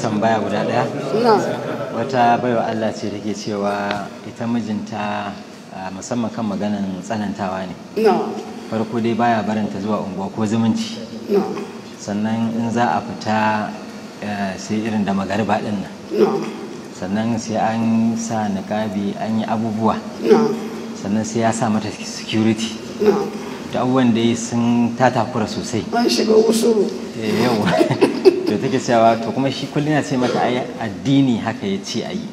tambaya guda ɗaya wata baiwa Allah ce take cewa ita mijinta ah, musamman kan maganan tsanantawa ne farko dai baya barinta zuwa unguwa ko zumunci sannan in za a fita eh, sai irin da magariba din nan sannan sai an sa niƙabi an yi abubuwa sannan sai ya sa mata security da abubuwan da sun tatakura sosai an shiga wasu eh, yawa to take cewa to kuma shi kullum ya ce mata ai addini haka ya ce ayi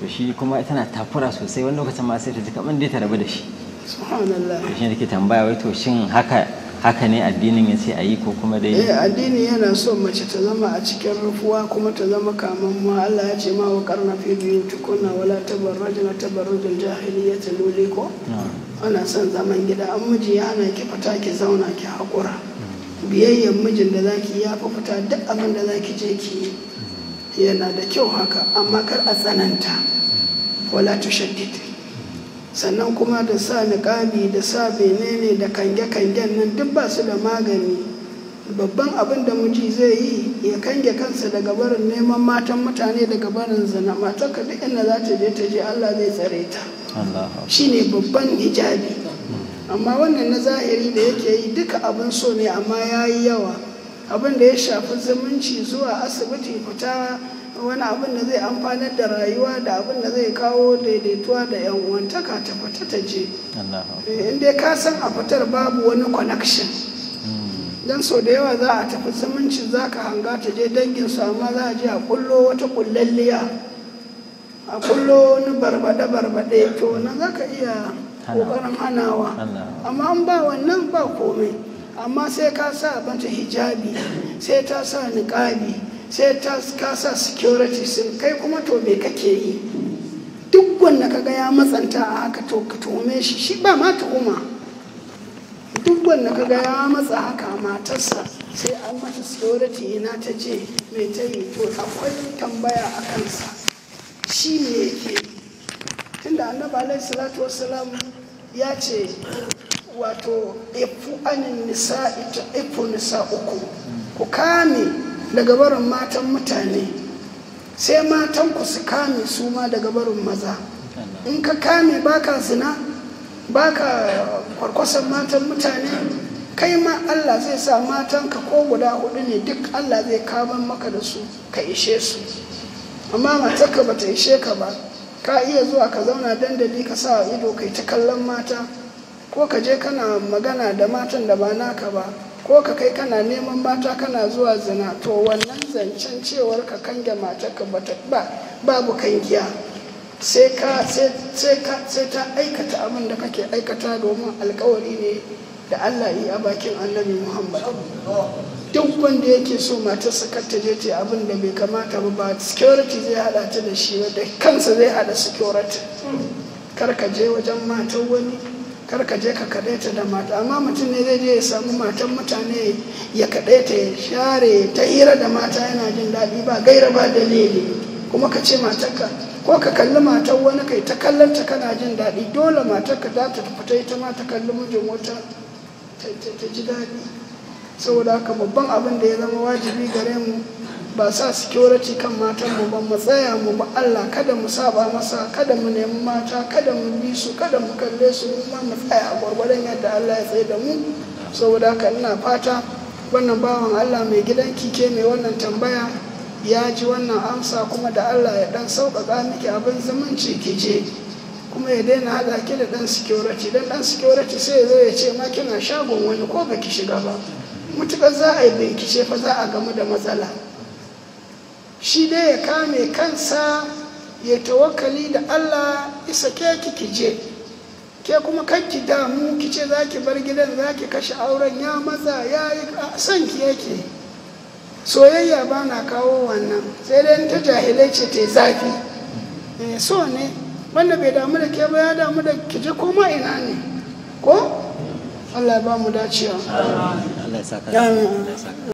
to shi kuma tana takura sosai wani lokacin ma sai ta ji kaman dai ta rabu da shi subhanallah shi ne ke tambaya wai to shin haka haka ne addinin ya ce ayi ko kuma dai eh addini yana so mace ta zama a cikin rufuwa kuma ta zama kaman ma Allah ya ce ma wa karna fi biyutikunna wala tabarrajna tabarrujul jahiliyyati luliko na'am ana son zaman gida an miji ya ana ki fita ki zauna ki haƙura biyayyen mijin da zaki ya fi fita duk abin da zaki je ki yana da kyau haka amma kar a tsananta wala shaddid sannan kuma da sa niƙami da sa menene da kange-kangen nan duk ba su da magani babban abin da miji zai yi ya kange kansa daga barin neman matan mutane daga barin zina matar ka duk inda za ta je ta je Allah zai tsare ta Shi ne babban hijabi amma wannan na zahiri da yake yi duka abin so ne amma ya yi yawa abin da ya shafi zumunci zuwa asibiti fita wani abin da zai amfanar da rayuwa da abin da zai kawo daidaituwa da yan uwantaka ta fita ta je eh, in dai ka san a fitar babu wani connection don sau da yawa za a tafi zumunci za ka hanga ta je dangin su amma za a je a kullo wata kullalliya a kullo wani barbade-barbade to na za ka iya kokarin hanawa amma an ba wannan ba komai amma sai ka sa mata hijabi sai ta sa niƙabi sai ta ka sa security sun kai kuma to me kake yi duk wanda kaga ya matsanta a haka to ka tuhume shi shi ba ma tuhuma wannan wanda ka ga ya matsa haka matarsa sai an mata security ina ta je mai ta yi to akwai tambaya a kansa shi ne yake tunda annabi alaihi salatu wasalam ya ce wato ifu anin nisa ita ifu nisa uku ku kame daga barin matan mutane sai matan ku su kame su ma daga barin maza in ka kame baka zina ba ka kwarkwasan matan mutane kai ma allah zai sa matan ka ko guda hudu ne duk allah zai kaban maka da su ka ishe su amma matarka ba ta ishe ka ba ka iya zuwa ka zauna dandali ka sa ido kai ta kallon mata ko ka je kana magana da matan da ba naka ba ko ka kai kana neman mata kana zuwa zina to wannan zancen cewar ka kange matarka ba babu kangiya sai ka sai sai ta aikata abin da kake aikata domin alkawari ne da Allah yi a bakin annabi Muhammad duk wanda yake so matarsa kar ta je ta abin da bai kamata ba ba security zai hada ta da shi ba da kansa zai hada security kar ka je wajen matar wani kar ka je ka kadaita da mata amma mutum ne zai je ya samu matan mutane ya kadaita ya share ta hira da mata yana jin daɗi ba gairaba ba dalili kuma ka ce matarka ko ka kalli matar wani kai ta kallanta kana jin daɗi dole matar ka za ta fita ita ma ta kalli mijin wata ta ji daɗi saboda haka babban abin da ya zama wajibi gare mu ba sa security kan matan mu ba mu tsaya mu ba Allah kada mu saba masa kada mu nemi mata kada mu bi su kada mu kalle su mu ma mu tsaya a gwargwadon yadda Allah ya tsaye da mu saboda haka ina fata wannan bawan Allah mai gidan kike mai wannan tambaya ya ji wannan amsa kuma da Allah ya dan sauƙaƙa miki abin zumunci ki je kuma ya daina haɗa ki da ɗan security dan ɗan security sai ya zo ya ce ma kina shagon wani ko ba ki shiga ba mutuƙar za a yi bincike fa za a gamu da matsala shi dai ya kame kansa ya tawakali da Allah isa ke ki je ke kuma ki damu ki ce za ki bar gidan za ki kashe auren ya maza ya yi son ki yake soyayya ba na kawo wannan sai dai ta jahilai ce ta zafi eh, so ne wanda bai damu da ke ba ya damu da kije koma ina ne ko allah ba mu dacewa